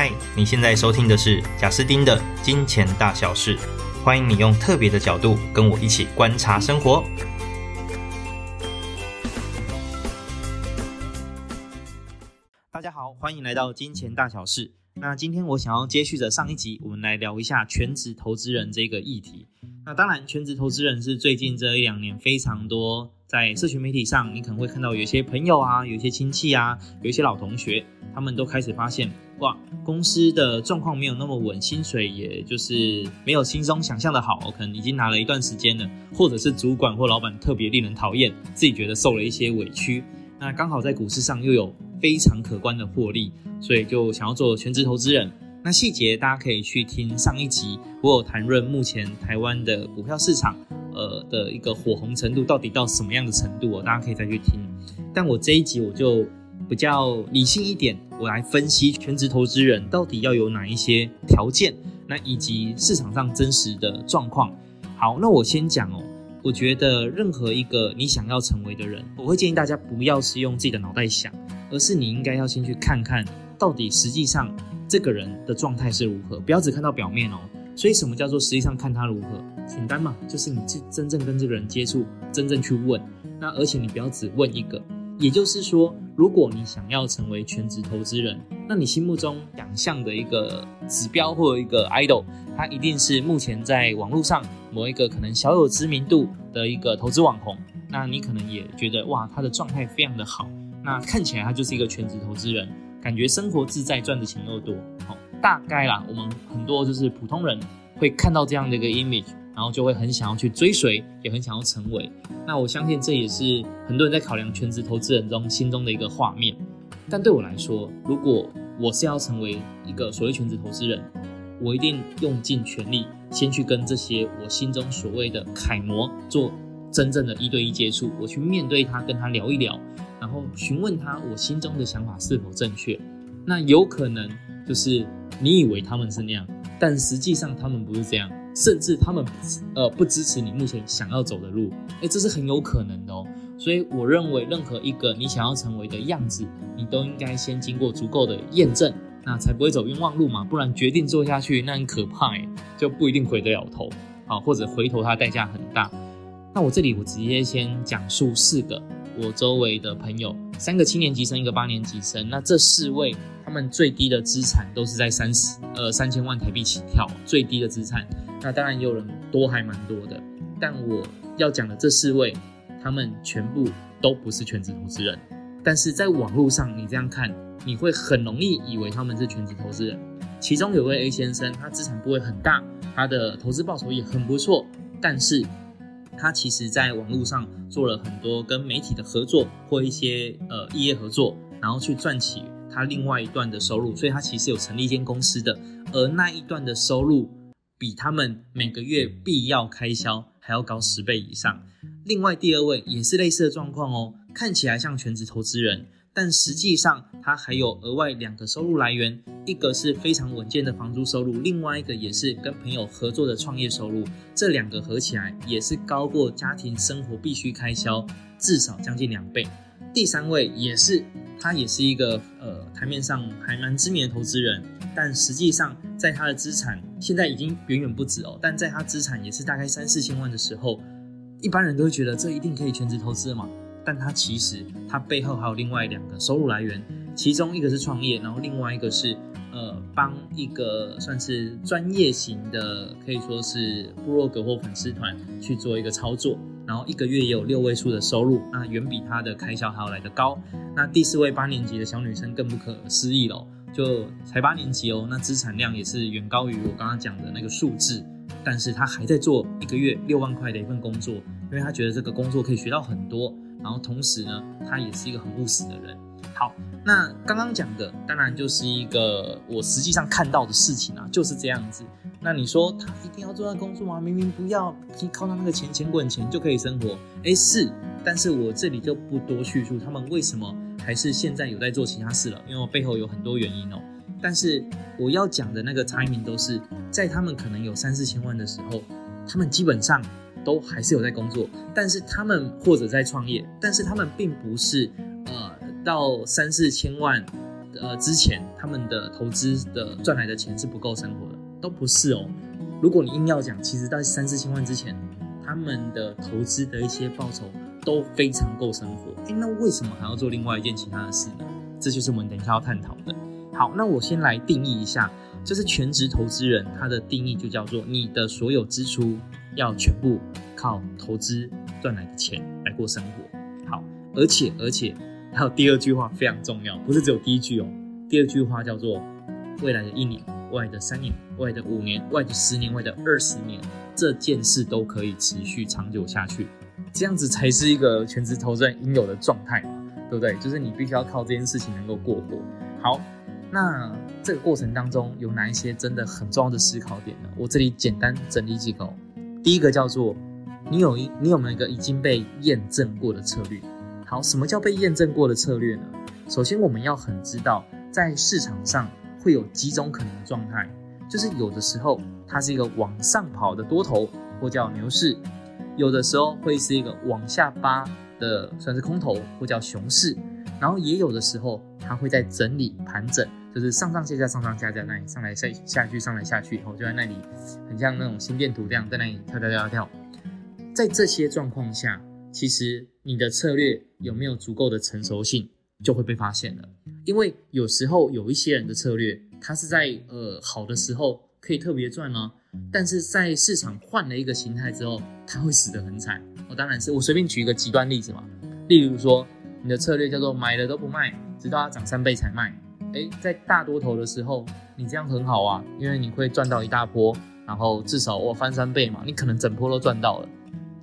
嗨，Hi，你現在收聽的是賈斯丁的《金錢大小事》，歡迎你用特別的角度跟我一起觀察生活。大家好，歡迎來到《金錢大小事》。那今天我想要接續着上一集，我們來聊一下全職投資人這個議題。那當然，全職投資人是最近這一兩年非常多，在社群媒體上，你可能會看到有一些朋友啊，有一些親戚啊，有一些老同學，他們都開始發現，哇，公司的狀況沒有那麼穩，薪水也就是沒有心中想象的好，可能已經拿了一段時間了，或者是主管或老闆特別令人討厭，自己覺得受了一些委屈，那剛好在股市上又有非常可觀的獲利，所以就想要做全職投資人。那細節大家可以去聽上一集，我有談論目前台灣的股票市場，呃的一個火紅程度到底到什麼樣的程度哦，大家可以再去聽。但我這一集我就比較理性一點，我來分析全職投資人到底要有哪一些條件，那以及市場上真實的狀況。好，那我先講喔，我覺得任何一個你想要成為的人，我會建議大家不要是用自己的腦袋想，而是你應該要先去看看到底實際上。這個人的狀態是如何？不要只看到表面哦。所以什麼叫做實際上看他如何？簡單嘛，就是你去真正跟這個人接觸，真正去問。那而且你不要只問一個。也就是說，如果你想要成為全職投資人，那你心目中想象的一個指標或者一個 idol，他一定是目前在網絡上某一個可能小有知名度的一個投資網紅。那你可能也覺得哇，他的狀態非常的好。那看起來他就是一個全職投資人。感覺生活自在，賺的錢又多，大概啦，我們很多就是普通人會看到這樣的一個 image，然後就會很想要去追隨，也很想要成為。那我相信這也是很多人在考量全職投資人中心中的一個畫面。但對我來說，如果我是要成為一個所謂全職投資人，我一定用盡全力先去跟這些我心中所謂的楷模做真正的一對一接觸，我去面對他，跟他聊一聊。然後詢問他，我心中的想法是否正確？那有可能就是你以為他們是那樣，但實際上他們不是這樣，甚至他們不呃不支持你目前想要走的路，誒，這是很有可能的哦。所以我認為，任何一個你想要成為的樣子，你都應該先經過足夠的驗證，那才不會走冤枉路嘛。不然決定做下去，那很可怕欸，就不一定回得了頭，好，或者回頭它代價很大。那我這裡我直接先講述四個我周圍的朋友，三個七年級生，一個八年級生。那這四位他們最低的資產都是在三十呃三千萬台幣起跳，最低的資產。那當然也有人多還蠻多的，但我要講的這四位，他們全部都不是全職投資人，但是在網絡上你這樣看，你會很容易以為他們是全職投資人。其中有位 A 先生，他資產不會很大，他的投資報酬也很不錯，但是。他其實，在網絡上做了很多跟媒體的合作或一些呃異業合作，然後去賺取他另外一段的收入。所以，他其實有成立一間公司的，而那一段的收入比他們每個月必要開銷還要高十倍以上。另外，第二位也是類似的狀況哦，看起來像全職投資人。但實際上，他還有額外兩個收入來源，一個是非常穩健的房租收入，另外一個也是跟朋友合作的創業收入。這兩個合起來也是高過家庭生活必須開銷至少將近兩倍。第三位也是他也是一個呃台面上還蠻知名的投資人，但實際上在他的資產現在已經遠遠不止哦。但在他資產也是大概三四千萬的時候，一般人都會覺得這一定可以全職投資的嘛。但他其實，他背後還有另外兩個收入來源，其中一個是創業，然後另外一個是呃幫一個算是專業型的，可以說是部落格或粉絲團去做一個操作，然後一個月也有六位數的收入，那遠比他的開銷還要來得高。那第四位八年級的小女生更不可思議了哦，就才八年級哦，那資產量也是遠高於我剛剛講的那個數字，但是他還在做一個月六萬塊的一份工作，因為他覺得這個工作可以學到很多。然後同時呢，他也是一個很務實的人。好，那剛剛講的當然就是一個我實際上看到的事情啊，就是這樣子。那你說他一定要做那工作嗎？明明不要，靠他那個錢錢滾錢就可以生活。誒，是，但是我這裡就不多敘述他們為什麼還是現在有在做其他事了，因為我背後有很多原因哦。但是我要講的那個 timing 都是在他們可能有三四千萬的時候，他們基本上。都還是有在工作，但是他們或者在創業，但是他們並不是呃到三四千萬呃之前，他們的投資的賺來的錢是不夠生活的，都不是哦。如果你硬要講，其實到三四千萬之前，他們的投資的一些報酬都非常夠生活。誒，那為什麼還要做另外一件其他的事呢？這就是我們等一下要探討的。好，那我先來定義一下，就是全職投資人，他的定義就叫做你的所有支出。要全部靠投資賺來的錢來過生活，好，而且而且還有第二句話非常重要，不是只有第一句哦。第二句話叫做：未來的一年、未來的三年、未來的五年、未來的十年、未來的二十年，這件事都可以持續長久下去，這樣子才是一個全職投資人應有的狀態嘛，對不對？就是你必須要靠這件事情能夠過活。好，那這個過程當中有哪一些真的很重要的思考點呢？我這裡簡單整理幾個。第一個叫做，你有一，你有沒有一個已經被驗證過的策略？好，什麼叫被驗證過的策略呢？首先我們要很知道，在市場上會有幾種可能的狀態，就是有的時候它是一個往上跑的多頭，或叫牛市；有的時候會是一個往下扒的，算是空頭，或叫熊市；然後也有的時候它會在整理盤整。就是上上下下上上下下那裡上來下下去上來下去，以後就在那裡，很像那種心電圖那樣在那裡跳跳跳跳跳。在這些狀況下，其實你的策略有沒有足夠的成熟性，就會被發現了。因為有時候有一些人的策略，他是在呃好的時候可以特別賺呢，但是在市場換了一個形態之後，他會死得很慘。我當然是我隨便舉一個極端例子嘛，例如說你的策略叫做買了都不賣，直到它漲三倍才賣。哎，在大多頭的時候，你這樣很好啊，因為你會賺到一大波，然後至少我翻三倍嘛，你可能整波都賺到了。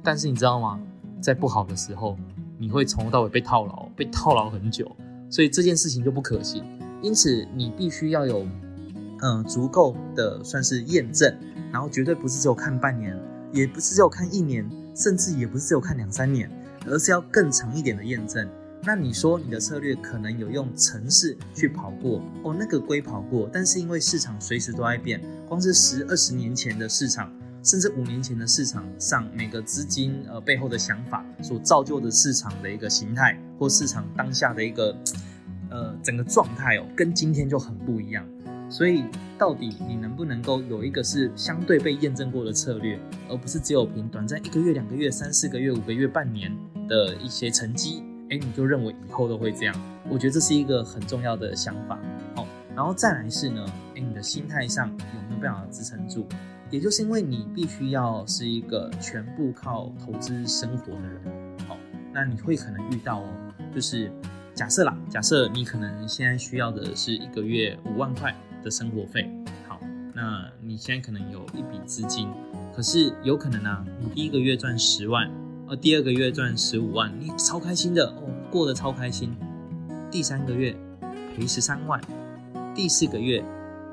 但是你知道嗎，在不好的時候，你會從頭到尾被套牢，被套牢很久，所以這件事情就不可行。因此，你必須要有，嗯，足夠的算是驗證，然後絕對不是只有看半年，也不是只有看一年，甚至也不是只有看兩三年，而是要更長一點的驗證。那你說你的策略可能有用，程式去跑過哦，那個龜跑過，但是因為市場隨時都在變，光是十二十年前的市場，甚至五年前的市場上每個資金呃，背後的想法所造就的市場的一個形態，或市場當下的一個呃，整個狀態哦，跟今天就很不一樣。所以到底你能不能夠有一個是相對被驗證過的策略，而不是只有憑短暫一個月、兩個月、三四個月、五個月、半年的一些成績？所以、欸、你就認為以後都會這樣？我覺得這是一個很重要的想法。好，然後再來是呢，誒，你的心態上有沒有辦法支撐住？也就是因為你必須要是一個全部靠投資生活的人。好，那你會可能遇到哦、喔，就是假設啦，假設你可能現在需要的是一個月五萬塊的生活費。好，那你現在可能有一筆資金，可是有可能呢、啊，你第一個月賺十萬。哦，第二個月賺十五萬，你超開心的哦，過得超開心。第三個月賠十三萬，第四個月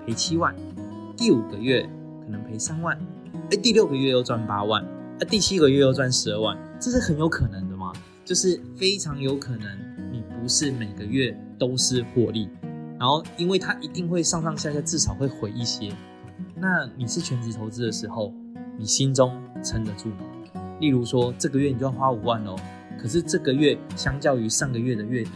賠七萬，第五個月可能賠三萬，哎、欸，第六個月又賺八萬，啊，第七個月又賺十二萬，這是很有可能的嘛？就是非常有可能，你不是每個月都是獲利，然後因為它一定會上上下下，至少會回一些。那你是全職投資的時候，你心中撐得住嗎？例如說，這個月你就要花五萬哦，可是這個月相較於上個月的月底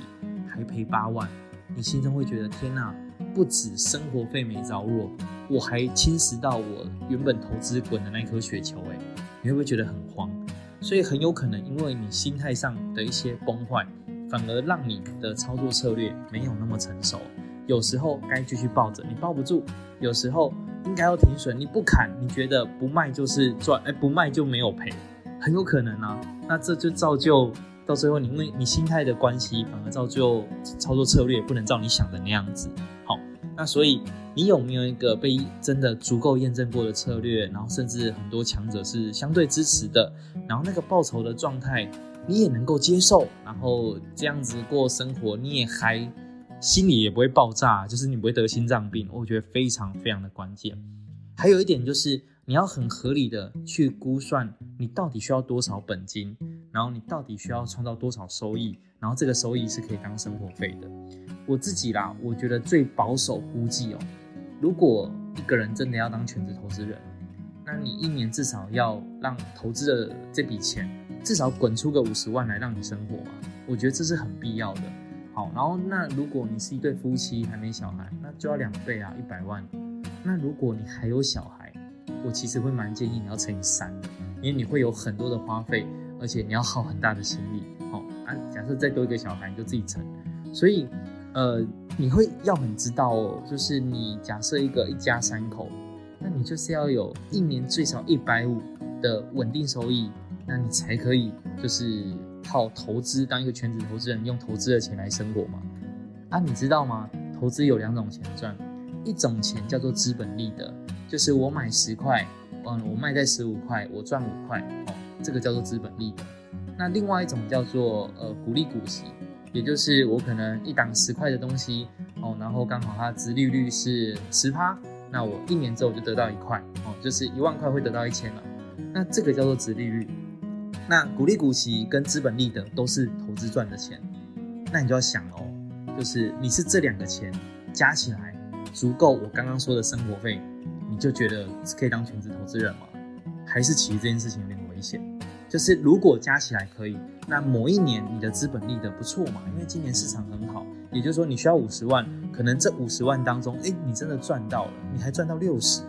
還賠八萬，你心中會覺得天哪，不止生活費沒着落，我還侵蝕到我原本投資滾的那顆雪球哎，你會不會覺得很慌？所以很有可能因為你心態上的一些崩壞，反而讓你的操作策略沒有那麼成熟。有時候該繼續抱着你抱不住，有時候應該要停損你不砍，你覺得不賣就是賺，哎，不賣就沒有賠。很有可能啊，那這就造就到最後你，你因為你心態的關係，反而造就操作策略不能照你想的那樣子。好，那所以你有沒有一個被真的足夠驗證過的策略？然後甚至很多強者是相對支持的，然後那個報酬的狀態你也能夠接受，然後這樣子過生活你也還心裡也不會爆炸，就是你不會得心臟病。我覺得非常非常的關鍵。還有一點就是，你要很合理的去估算你到底需要多少本金，然後你到底需要創造多少收益，然後這個收益是可以當生活費的。我自己啦，我覺得最保守估計哦，如果一個人真的要當全職投資人，那你一年至少要讓投資的這筆錢至少滾出個五十萬來讓你生活啊，我覺得這是很必要的。好，然後那如果你是一對夫妻還沒小孩，那就要兩倍啊，一百萬。那如果你還有小孩，我其實會蠻建議你要乘以三的，因為你會有很多的花費，而且你要耗很大的心力。好、哦、啊，假設再多一個小孩，你就自己乘。所以，呃，你會要很知道哦，就是你假設一個一家三口，那你就是要有一年最少一百五的穩定收益，那你才可以就是靠投資，當一個全職投資人，用投資的錢來生活嘛。啊，你知道嗎？投資有兩種錢賺。一種錢叫做資本利得，就是我買十塊，嗯，我賣在十五塊，我賺五塊，哦，這個叫做資本利得。那另外一種叫做呃股利、股息，也就是我可能一檔十塊的東西，哦，然後剛好它殖利率是十趴，那我一年之後就得到一塊，哦，就是一萬塊會得到一千了，哦。那這個叫做殖利率。那股利、股息跟資本利得都是投資賺的錢，那你就要想哦，就是你是這兩個錢加起來。足夠我剛剛說的生活費，你就覺得可以當全職投資人嗎？還是其實這件事情有點危險？就是如果加起來可以，那某一年你的資本利得不錯嘛，因為今年市場很好，也就是說你需要五十萬，可能這五十萬當中，哎、欸，你真的賺到了，你還賺到六十，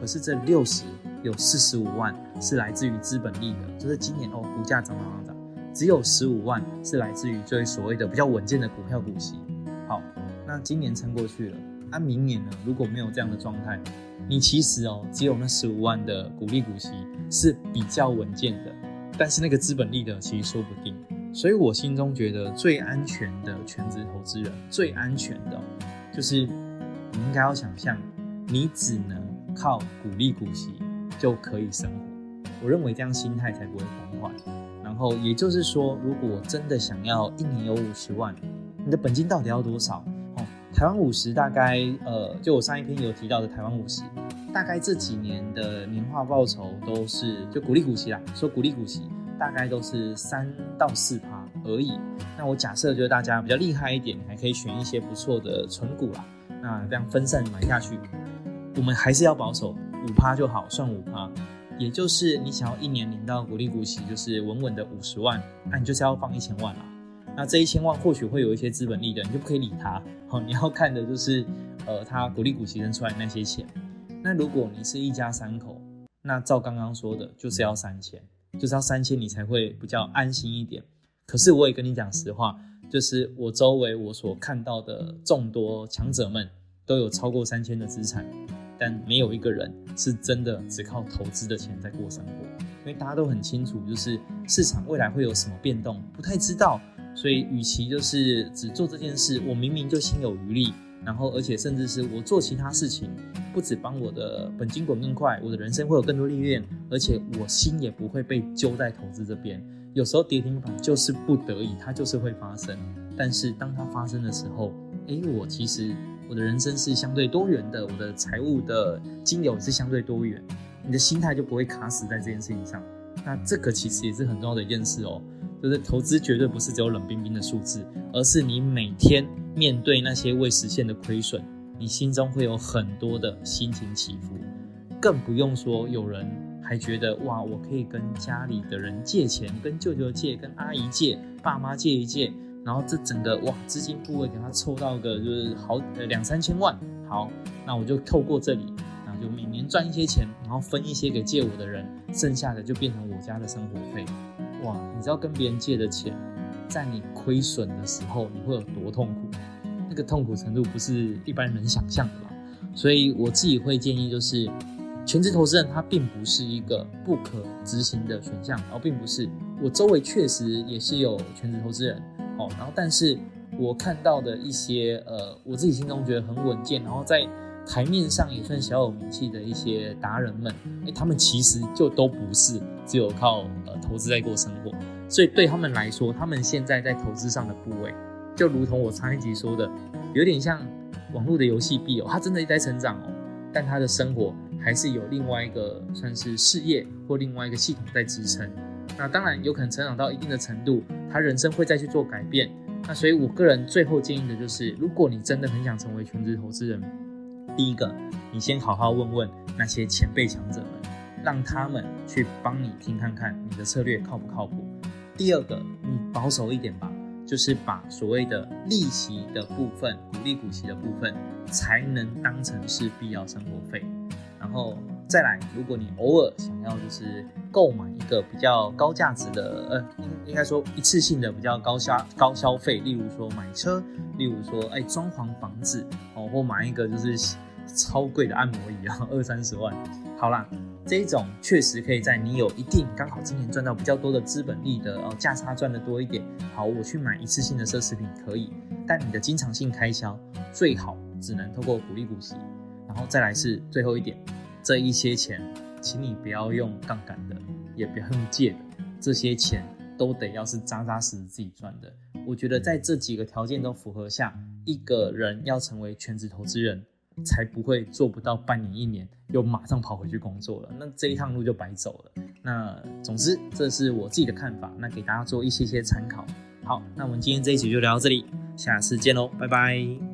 可是這六十有四十五萬是來自於資本利得，就是今年哦，股價漲漲漲漲，只有十五萬是來自於最所謂的比較穩健的股票股息。好，那今年撐過去了。那、啊、明年呢？如果沒有這樣的狀態，你其實哦，只有那十五萬的股利股息是比較穩健的，但是那個資本利得，其實說不定。所以我心中覺得最安全的全職投資人，最安全的、哦，就是你應該要想象，你只能靠股利股息就可以生活。我認為這樣心態才不會崩壞。然後也就是說，如果真的想要一年有五十萬，你的本金到底要多少？台灣五十大概，呃，就我上一篇有提到的台灣五十，大概這幾年的年化報酬都是，就股利股息啦，說股利股息大概都是三到四趴而已。那我假設就是大家比較厲害一點，你還可以選一些不錯的存股啦，那這樣分散買下去，我們還是要保守五趴就好，算五趴，也就是你想要一年領到股利股息就是穩穩的五十萬，那、啊、你就是要放一千萬啦。那這一千萬或許會有一些資本利的，你就不可以理他。好、哦，你要看的就是，呃，他股利股息扔出來那些錢。那如果你是一家三口，那照剛剛說的，就是要三千，就是要三千，你才會比較安心一點。可是我也跟你講實話，就是我周圍我所看到的眾多強者們，都有超過三千的資產，但沒有一個人是真的只靠投資的錢在過生活，因為大家都很清楚，就是市場未來會有什麼變動，不太知道。所以，與其就是只做這件事，我明明就心有餘力。然後，而且甚至是我做其他事情，不止幫我的本金滾更快，我的人生會有更多歷練，而且我心也不會被揪在投資這邊。有時候跌停板就是不得已，它就是會發生。但是，當它發生的時候，誒、欸，我其實我的人生是相對多元的，我的財務的金流是相對多元，你的心態就不會卡死在這件事情上。那這個其實也是很重要的一件事哦。就是投資絕對不是只有冷冰冰的數字，而是你每天面對那些未實現的虧損，你心中會有很多的心情起伏，更不用說有人還覺得哇，我可以跟家裡的人借錢，跟舅舅借，跟阿姨借，爸媽借一借，然後這整個哇資金部位給他湊到個就是好呃兩三千萬，好，那我就透過這裡，然後就每年賺一些錢，然後分一些給借我的人，剩下的就變成我家的生活費。哇，你知道跟別人借的錢，在你虧損的時候，你會有多痛苦？那個痛苦程度不是一般人能想象的吧。所以我自己會建議，就是全職投資人他並不是一個不可執行的選項，然後並不是我周圍確實也是有全職投資人，哦，然後但是我看到的一些，呃，我自己心中覺得很穩健，然後在。台面上也算小有名氣的一些達人們，哎、欸，他們其實就都不是只有靠呃投資在過生活，所以對他們來說，他們現在在投資上的部位，就如同我上一集說的，有點像網絡的遊戲幣哦，它真的在成長哦，但他的生活還是有另外一個算是事業或另外一個系統在支撐。那當然有可能成長到一定的程度，他人生會再去做改變。那所以我個人最後建議的就是，如果你真的很想成為全職投資人。第一個，你先好好問問那些前輩強者們，讓他們去幫你聽看看你的策略靠不靠譜。第二個，你保守一點吧，就是把所謂的利息的部分、股利股息的部分，才能當成是必要生活費。然後。再來，如果你偶爾想要就是購買一個比較高價值的，呃，應應該說一次性的比較高消高消費，例如說買車，例如說哎、欸、裝潢房子哦，或買一個就是超貴的按摩椅啊，二三十萬。好啦，這一種確實可以，在你有一定剛好今年賺到比較多的資本利得，哦，價差賺得多一點，好，我去買一次性的奢侈品可以。但你的經常性開銷，最好只能透過股利股息。然後再來是最後一點，這一些錢，請你不要用槓桿的，也不要用借的，這些錢都得要是扎扎實實自己賺的。我覺得在這幾個條件都符合下，一個人要成為全職投資人，才不會做不到半年一年，又馬上跑回去工作了，那這一趟路就白走了。那總之，這是我自己的看法，那給大家做一些些參考。好，那我們今天這一集就聊到這裡，下次見嘍，拜拜。